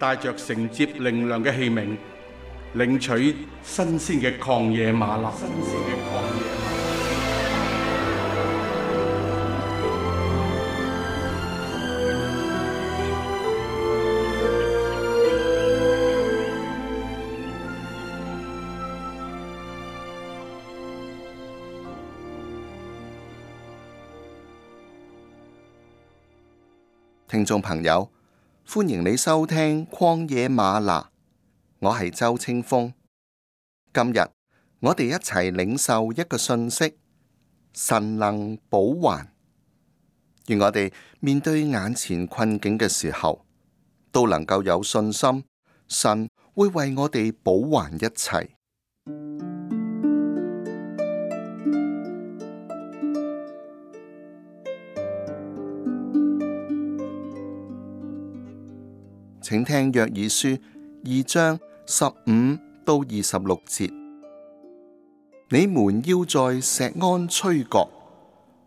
帶着承接靈糧嘅器皿，領取新鮮嘅曠野嗎哪。馬聽眾朋友，歡迎你收聽曠野嗎哪，我係周清風。今日我哋一齊領受一個信息：神能補還。願我哋面對眼前困境嘅時候，都能夠有信心，神會為我哋補還一切。請聽約珥書二章十五到二十六節：你們要在錫安吹角，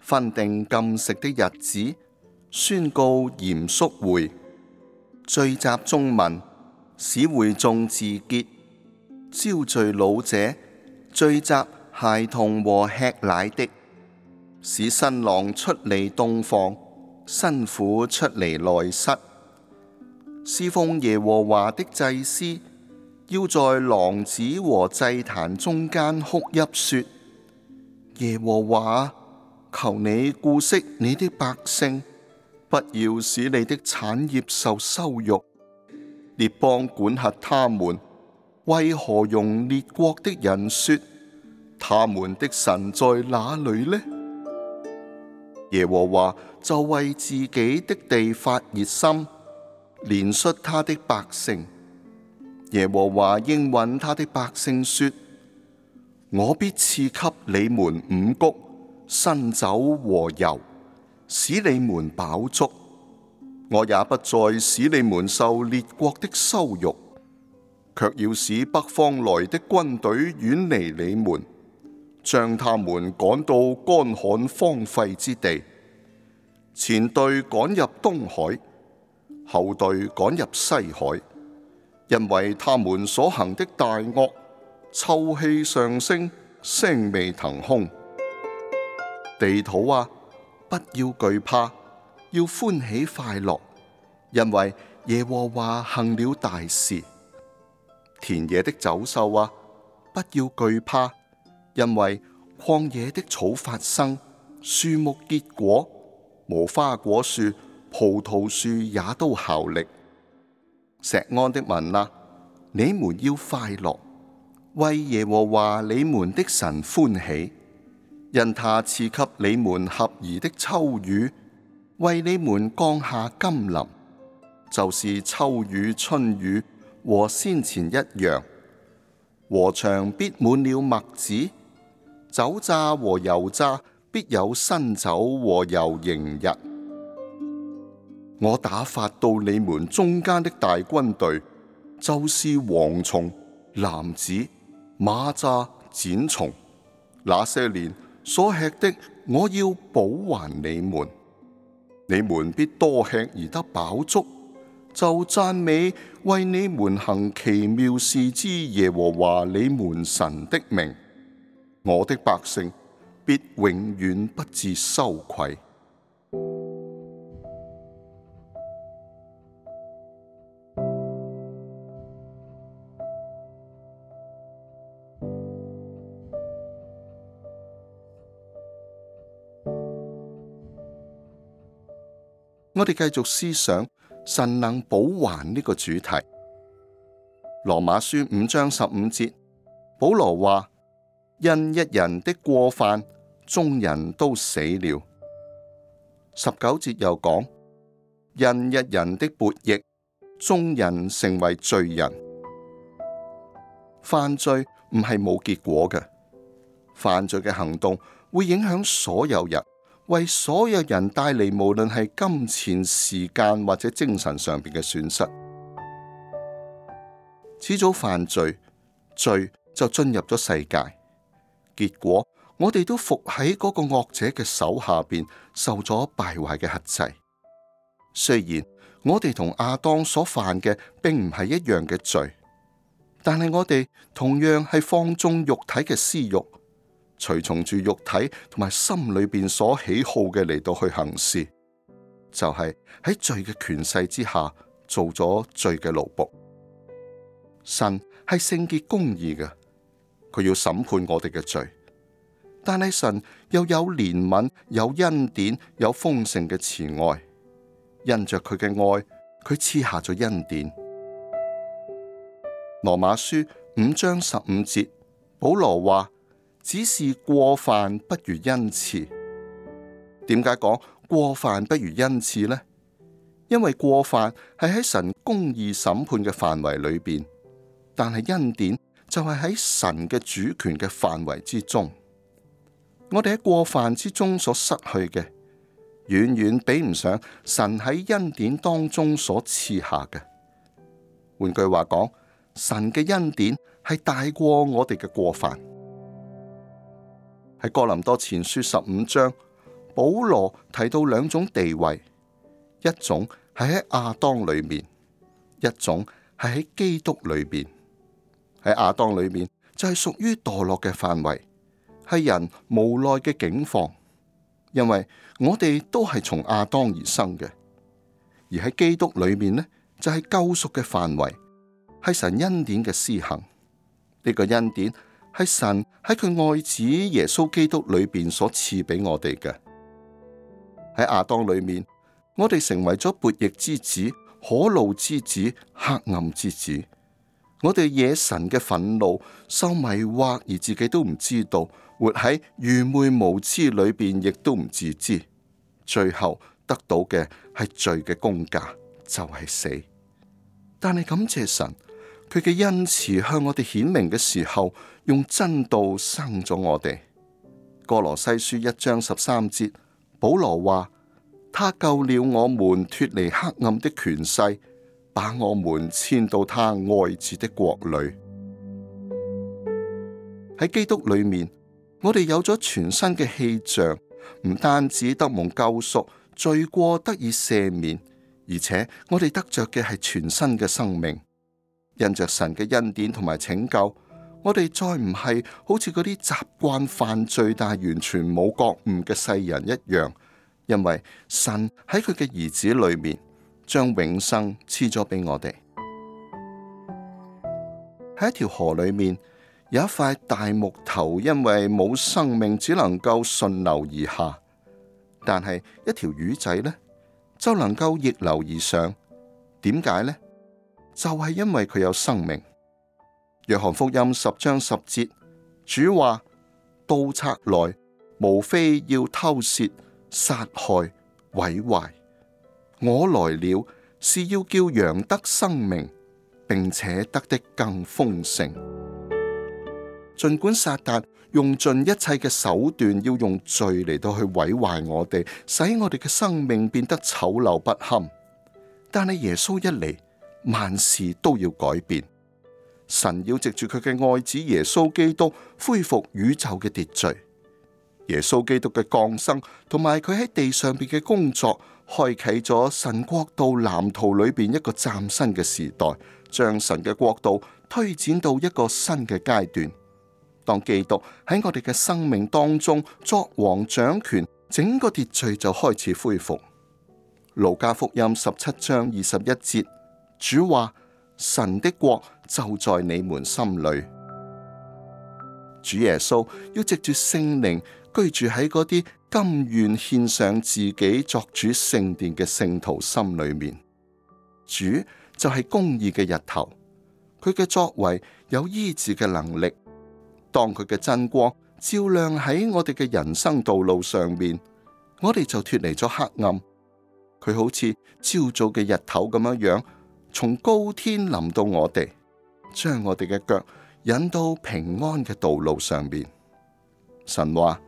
分定禁食的日子，宣告嚴肅會，聚集眾民，使會眾自潔；召聚老者，聚集孩童和吃奶的，使新郎出嚟洞房，新婦出嚟內室。侍奉耶和華的祭司，要在廊子和祭壇中間哭泣說：耶和華，求你顧惜你的百姓，不要使你的產業受羞辱。列邦管轄他們，為何用列國的人說他們的神在哪裏呢？耶和華就為自己的地發熱心。連憐恤他的百姓，耶和華應允他的百姓說：我必賜給你們五谷、新酒和油，使你們飽足。我也不再使你們受列國的羞辱，却要使北方來的軍隊遠離你們，將他們趕到乾旱荒廢之地，前隊趕入東海。後隊趕入西海，因為他們所行的大惡，臭氣上升，腥味騰空。地土啊，不要懼怕，要歡喜快樂，因為耶和華行了大事。田野的走獸啊，不要懼怕，因為曠野的草發生，樹木結果，無花果樹。葡萄樹也都效力。錫安的民哪，啊：你們要快樂，為耶和華你們的神歡喜，因他賜給你們合宜的秋雨，為你們降下甘霖，就是秋雨、春雨和先前一樣。禾場必滿了麥子，酒榨和油榨必有新酒和油盈溢。我打發到你們中間的大軍隊，就是蝗蟲、蝻子、螞蚱、剪蟲，那些年所吃的，我要補還你們。你們必多吃而得飽足，就讚美為你們行奇妙事之耶和華你們神的名。我的百姓必永遠不致羞愧。我哋繼續思想神能補還呢個主題。羅馬書五章十五節，保羅話：因一人的過犯，眾人都死了。十九節又講：因一人的悖逆，眾人成為罪人。犯罪唔係冇結果嘅，犯罪嘅行動會影響所有人。為所有人帶嚟無論係金錢、時間或者精神上邊嘅損失，始祖犯罪，罪就進入咗世界。結果我哋都伏喺嗰個惡者嘅手下邊，受咗敗壞嘅轄制。雖然我哋同亞當所犯嘅並唔係一樣嘅罪，但係我哋同樣係放縱肉體嘅私欲。隨從住肉體同埋心裏邊所喜好嘅嚟到去行事，就係喺罪嘅權勢之下做咗罪嘅奴僕。神係聖潔公義嘅，佢要審判我哋嘅罪，但係神又有憐憫、有恩典、有豐盛嘅慈愛。因着佢嘅愛，佢賜下咗恩典。羅馬書五章十五節，保羅話。只是過犯不如恩賜，點解講過犯不如恩賜呢？因為過犯係喺神公義審判嘅範圍裏邊，但係恩典就係喺神嘅主權嘅範圍之中。我哋喺過犯之中所失去嘅，遠遠比唔上神喺恩典當中所賜下嘅。換句話講，神嘅恩典係大過我哋嘅過犯。喺哥林多前書十五章，保羅提到兩種地位，一種係喺亞當裏面，一種係喺基督裏面。喺亞當裏面就係屬於墮落嘅範圍，係人無奈嘅境況，因為我哋都係從亞當而生嘅。而喺基督裏面呢就係救贖嘅範圍，係神恩典嘅施行。呢個恩典，係神喺佢愛子耶穌基督裏邊所賜俾我哋嘅。喺亞當裏面，我哋成為咗悖逆之子、可怒之子、黑暗之子。我哋惹神嘅憤怒，受迷惑而自己都唔知道，活喺愚昧無知裏邊，亦都唔自知。最後得到嘅係罪嘅工價，就係、是、死。但係感謝神。佢嘅恩慈向我哋顯明嘅時候，用真道生咗我哋。哥羅西書一章十三節，保羅話：他救了我們脱離黑暗的權勢，把我們遷到他愛子的國裏。喺基督裏面，我哋有咗全新嘅氣象，唔單止得蒙救贖、罪過得以赦免，而且我哋得着嘅係全新嘅生命。印着神嘅恩典同埋拯救，我哋再唔係好似嗰啲習慣犯罪但係完全冇覺悟嘅世人一樣，因為神喺佢嘅兒子裏面將永生黐咗俾我哋。喺一條河裏面有一塊大木頭，因為冇生命，只能夠順流而下。但係一條魚仔咧就能夠逆流而上，點解咧？就係因為佢有生命。約翰福音十章十節，主話：盜賊來，無非要偷竊、殺害、毀壞。我來了，是要叫羊得生命，並且得的更豐盛。盡管撒旦用盡一切嘅手段，要用罪嚟到去毀壞我哋，使我哋嘅生命變得醜陋不堪，但係耶穌一嚟。萬事都要改變，神要藉住佢嘅愛子耶穌基督恢復宇宙嘅秩序。耶穌基督嘅降生同埋佢喺地上邊嘅工作，開啟咗神國度藍圖裏邊一個嶄新嘅時代，將神嘅國度推展到一個新嘅階段。當基督喺我哋嘅生命當中作王掌權，整個秩序就開始恢復。路加福音十七章二十一節。主話：神的國就在你們心裏。主耶穌要藉住聖靈居住喺嗰啲甘願獻上自己作主聖殿嘅聖徒心裏面。主就係公義嘅日頭，佢嘅作為有醫治嘅能力。當佢嘅真光照亮喺我哋嘅人生道路上面，我哋就脱離咗黑暗。佢好似朝早嘅日頭咁樣樣，從高天臨到我哋，將我哋嘅腳引到平安嘅道路上邊。神話：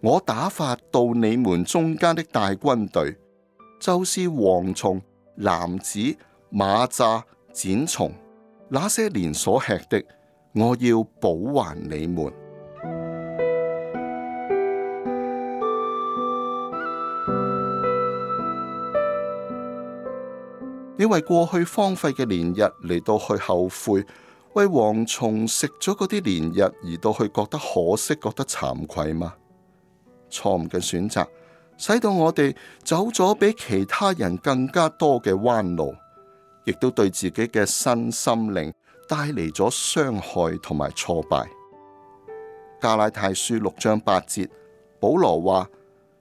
我打發到你們中間的大軍隊，就是蝗蟲、蝻子、螞蚱、剪蟲，那些年所吃的，我要補還你們。你為過去荒廢嘅年日嚟到去後悔，為蝗蟲食咗嗰啲年日而到去覺得可惜、覺得慚愧嗎？錯誤嘅選擇，使到我哋走咗比其他人更加多嘅彎路，亦都對自己嘅身心靈帶嚟咗傷害同埋挫敗。加拉太書六章八節，保羅話：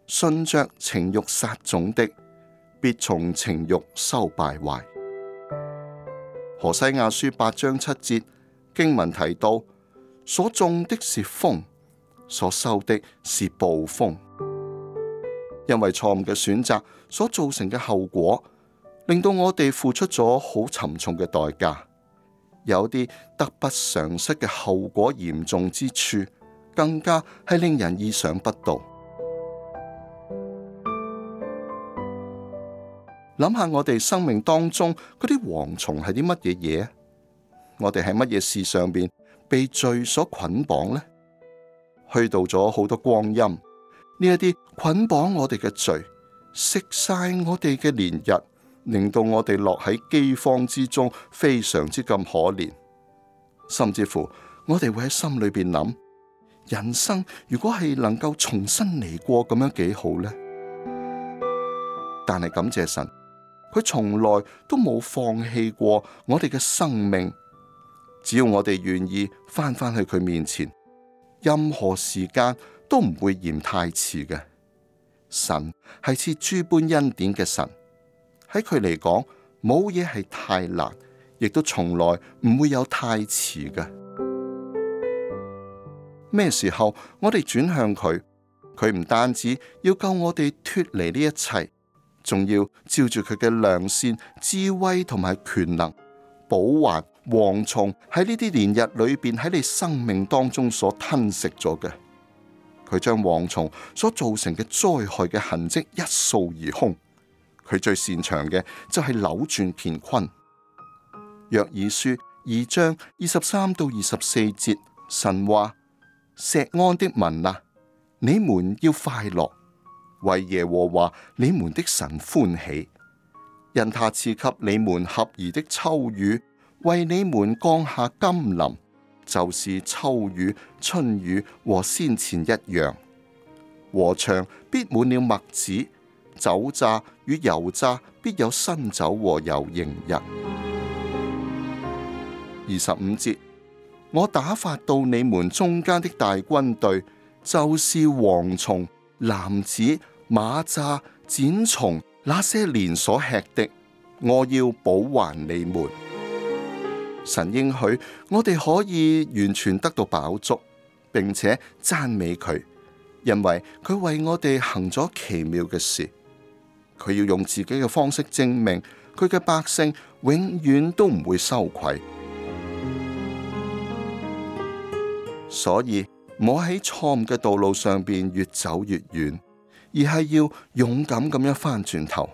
順著情欲撒種的。別從情欲收敗壞。何西亞書八章七節經文提到，所種的是風，所收的是暴風。因為錯誤嘅選擇所造成嘅後果，令到我哋付出咗好沉重嘅代價。有啲得不償失嘅後果嚴重之處，更加係令人意想不到。諗下我哋生命當中嗰啲蝗蟲係啲乜嘢嘢？我哋喺乜嘢事上邊被罪所捆綁呢？虛度咗好多光陰，呢一啲捆綁我哋嘅罪，食晒我哋嘅年日，令到我哋落喺饑荒之中，非常之咁可憐。甚至乎我哋會喺心裏邊諗：「人生如果係能夠重新嚟過，咁樣幾好呢？」但係感謝神。佢從來都冇放棄過我哋嘅生命，只要我哋願意返返去佢面前，任何時間都唔會嫌太遲嘅。神係似豬般恩典嘅神，喺佢嚟講冇嘢係太難，亦都從來唔會有太遲嘅。咩時候我哋轉向佢，佢唔單止要救我哋脫離呢一切，仲要照住佢嘅良善、智慧同埋權能，補還蝗蟲喺呢啲年日裏邊喺你生命當中所吞噬咗嘅，佢將蝗蟲所造成嘅災害嘅痕跡一掃而空。佢最擅長嘅就係扭轉乾坤。約珥書二章二十三到二十四節，神話錫安的民啊，你們要快樂。為耶和華你們的神歡喜，因他賜給你們合宜的秋雨，為你們降下甘霖，就是秋雨、春雨和先前一樣。禾場必滿了麥子、酒渣與油渣，必有新酒和油盈溢。二十五節，我打發到你們中間的大軍隊，就是蝗蟲、蝻子。馬螞蚱、剪蟲，那些年所吃的，我要補還你們。神應許我哋可以完全得到飽足，並且讚美佢，因為佢為我哋行咗奇妙嘅事。佢要用自己嘅方式證明，佢嘅百姓永遠都唔會羞愧。所以，我喺錯誤嘅道路上邊越走越遠。而係要勇敢咁樣返轉頭，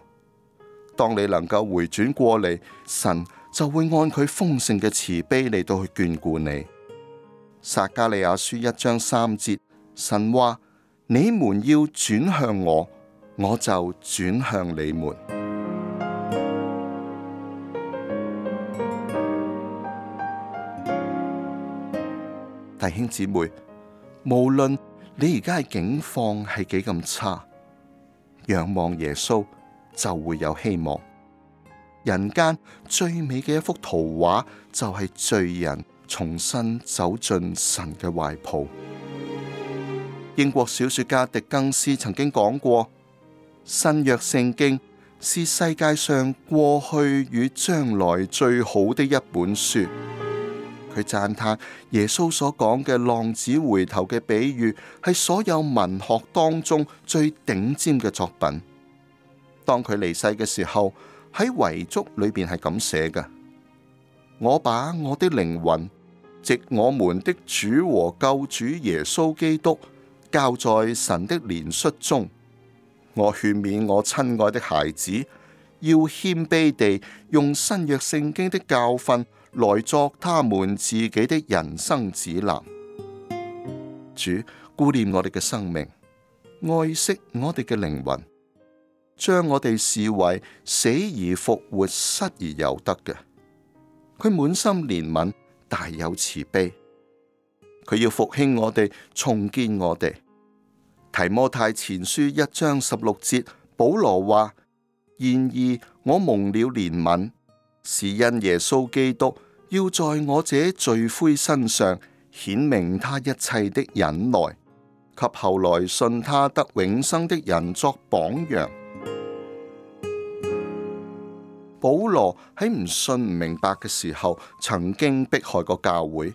當你能夠回轉過嚟，神就會按佢豐盛嘅慈悲嚟到去眷顧你。撒迦利亞書一章三節，神話：你們要轉向我，我就轉向你們。弟兄姊妹，無論你而家嘅境況係幾咁差。仰望耶穌就會有希望。人間最美嘅一幅圖畫就係罪人重新走進神嘅懷抱。英國小說家狄更斯曾經講過：新約聖經是世界上過去與將來最好的一本書。去讚嘆耶穌所講嘅浪子回頭嘅比喻係所有文學當中最頂尖嘅作品。當佢離世嘅時候，喺遺囑裏邊係咁寫嘅：我把我的靈魂，即我們的主和救主耶穌基督交在神的憐率憐恤中。我勸勉我親愛的孩子，要謙卑地用新約聖經的教訓。來作他們自己的人生指南。主顧念我哋嘅生命，愛惜我哋嘅靈魂，將我哋視為死而復活、失而有得嘅。佢滿心憐憫，大有慈悲。佢要復興我哋，重建我哋。提摩太前書一章十六節，保羅話：然而我蒙了憐憫。是因耶穌基督要在我這罪魁身上顯明他一切的忍耐，及後來信他得永生的人作榜樣。保羅喺唔信唔明白嘅時候，曾經迫害過教會，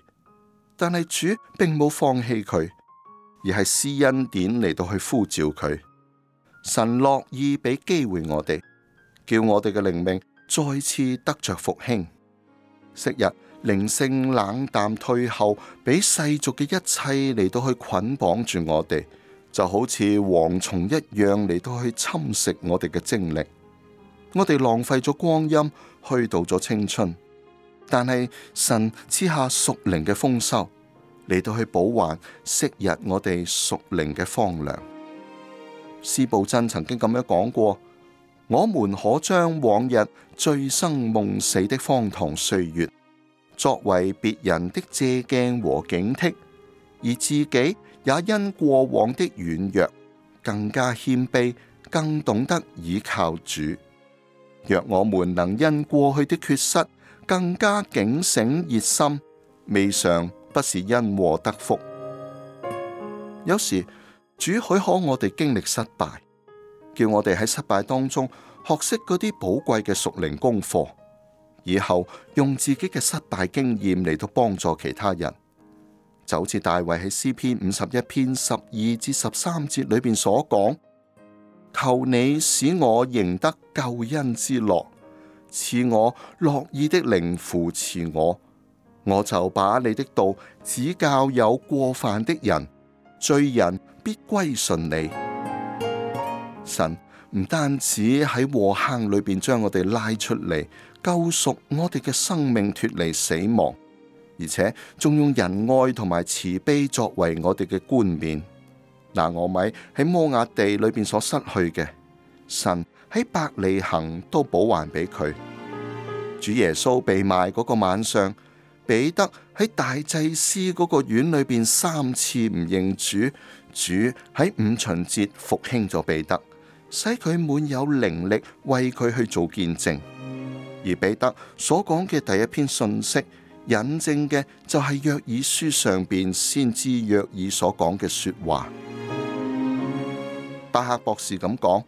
但係主並冇放棄佢，而係施恩典嚟到去呼召佢。神樂意俾機會我哋，叫我哋嘅靈命。再次得着復興。昔日靈性冷淡退後，俾世俗嘅一切嚟到去捆綁住我哋，就好似蝗蟲一樣嚟到去侵蝕我哋嘅精力。我哋浪費咗光陰，虛度咗青春。但係神賜下屬靈嘅豐收，嚟到去補還昔日我哋屬靈嘅荒涼。司布真曾經咁樣講過。我們可將往日醉生夢死的荒唐歲月作為別人的借鏡和警惕，而自己也因過往的軟弱，更加謙卑，更懂得倚靠主。若我們能因過去的缺失更加警醒熱心，未嘗不是因禍得福。有時主許可我哋經歷失敗，叫我哋喺失敗當中學識嗰啲寶貴嘅屬靈功課，以後用自己嘅失敗經驗嚟到幫助其他人。就好似大衛喺詩篇五十一篇十二至十三節裏邊所講：求你使我仍得救恩之樂，賜我樂意的靈扶持我，我就把你的道指教有過犯的人，罪人必歸順你。神唔單止喺禍坑裏邊將我哋拉出嚟救贖我哋嘅生命脱離死亡，而且仲用仁愛同埋慈悲作為我哋嘅冠冕。嗱，拿俄米喺摩亞地裏邊所失去嘅，神喺伯利恆都補還俾佢。主耶穌被賣嗰個晚上，彼得喺大祭司嗰個院裏邊三次唔認主，主喺五旬節復興咗彼得。使佢滿有靈力，為佢去做見證。而彼得所講嘅第一篇信息引證嘅就係約珥書上邊先知約珥所講嘅說話。巴克 博士咁講：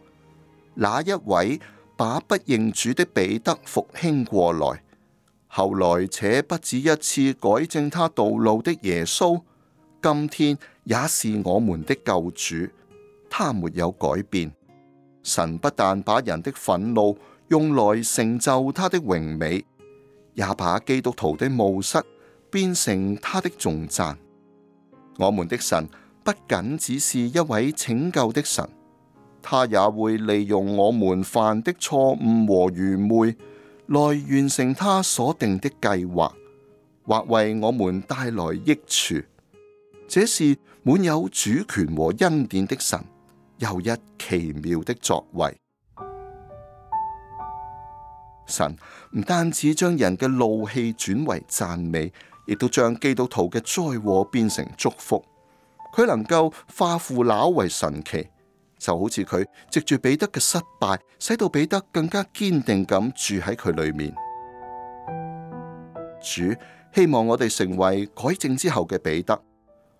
那 一位把不認主的彼得復興過來，後來且不止一次改正他道路的耶穌，今天也是我們的救主，他沒有改變。神不但把人的憤怒用來成就他的榮美，也把基督徒的冒失變成他的頌讚。我們的神不僅只是一位拯救的神，他也會利用我們犯的錯誤和愚昧來完成他所定的計劃，或為我們帶來益處。這是滿有主權和恩典的神。又一奇妙的作為，神唔單止將人嘅怒氣轉為讚美，亦都將基督徒嘅災禍變成祝福。佢能夠化腐朽為神奇，就好似佢藉住彼得嘅失敗，使到彼得更加堅定咁住喺佢裏面。主希望我哋成為改正之後嘅彼得，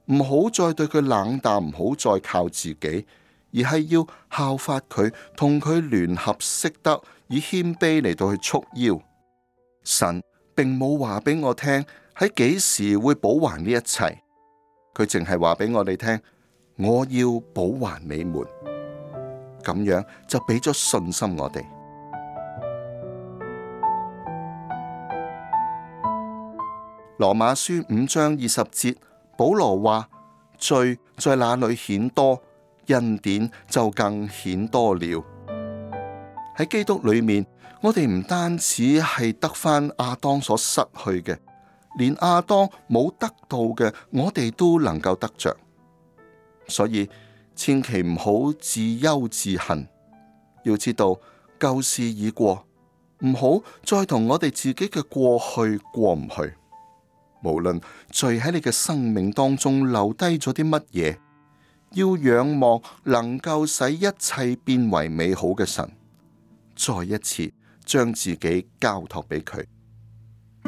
唔好再對佢冷淡，唔好再靠自己。而係要效法佢，同佢聯合，識得以謙卑嚟到去束腰。神並冇話俾我聽喺幾時會補還呢一切，佢淨係話俾我哋聽，我要補還你們，咁樣就俾咗信心我哋。羅馬書五章二十節，保羅話罪在哪裏顯多？恩典就更顯多了。喺基督裏面，我哋唔單止係得翻亞當所失去嘅，連亞當冇得到嘅，我哋都能夠得着。所以，千祈唔好自憂自恨，要知道舊事已過，唔好再同我哋自己嘅過去過唔去。無論罪喺你嘅生命當中留低咗啲乜嘢。要仰望能夠使一切變為美好嘅神，再一次將自己交託俾佢。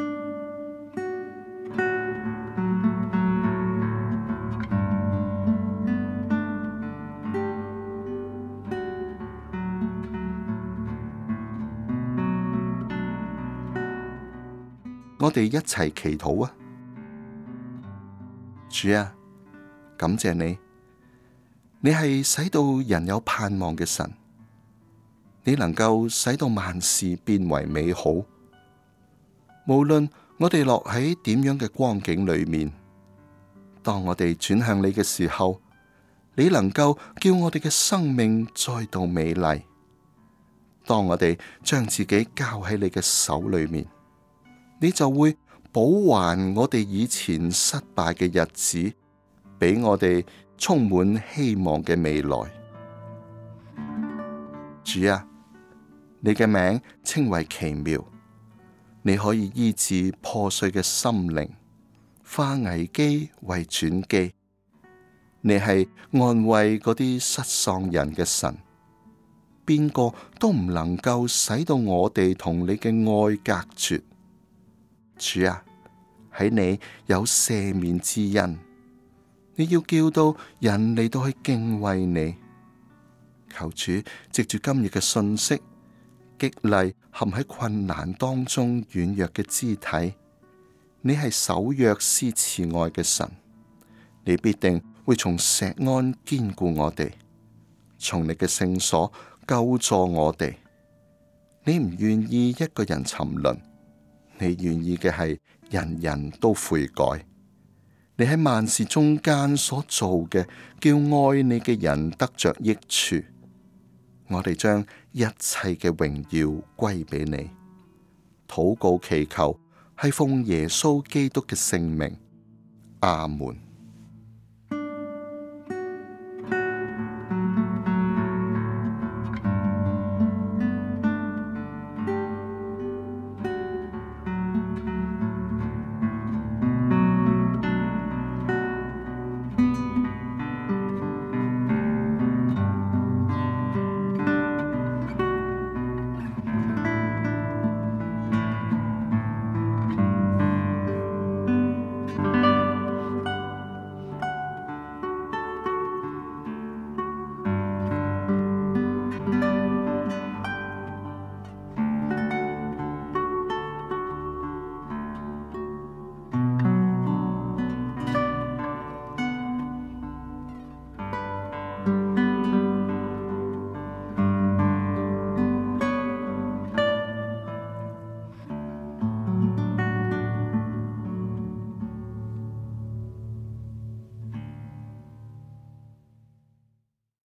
我哋一齊祈禱啊，主啊，感謝你。你係使到人有盼望嘅神，你能夠使到萬事變為美好。無論我哋落喺點樣嘅光景裏面，當我哋轉向你嘅時候，你能夠叫我哋嘅生命再度美麗。當我哋將自己交喺你嘅手裏面，你就會補還我哋以前失敗嘅日子俾我哋。充滿希望嘅未來，主啊，你嘅名稱為奇妙，你可以醫治破碎嘅心靈，化危機為轉機，你係安慰嗰啲失喪人嘅神，邊個都唔能夠使到我哋同你嘅愛隔絕，主啊，喺你有赦免之恩。你要叫到人嚟到去敬畏你，求主藉住今日嘅信息，激勵陷喺困難當中軟弱嘅肢體。你係守約施慈愛嘅神，你必定會從錫安堅固我哋，從你嘅聖所救助我哋。你唔願意一個人沉淪，你願意嘅係人人都悔改。你喺萬事中間所做嘅，叫愛你嘅人得着益處。我哋將一切嘅榮耀歸俾你。禱告祈求，係奉耶穌基督嘅聖名。阿門。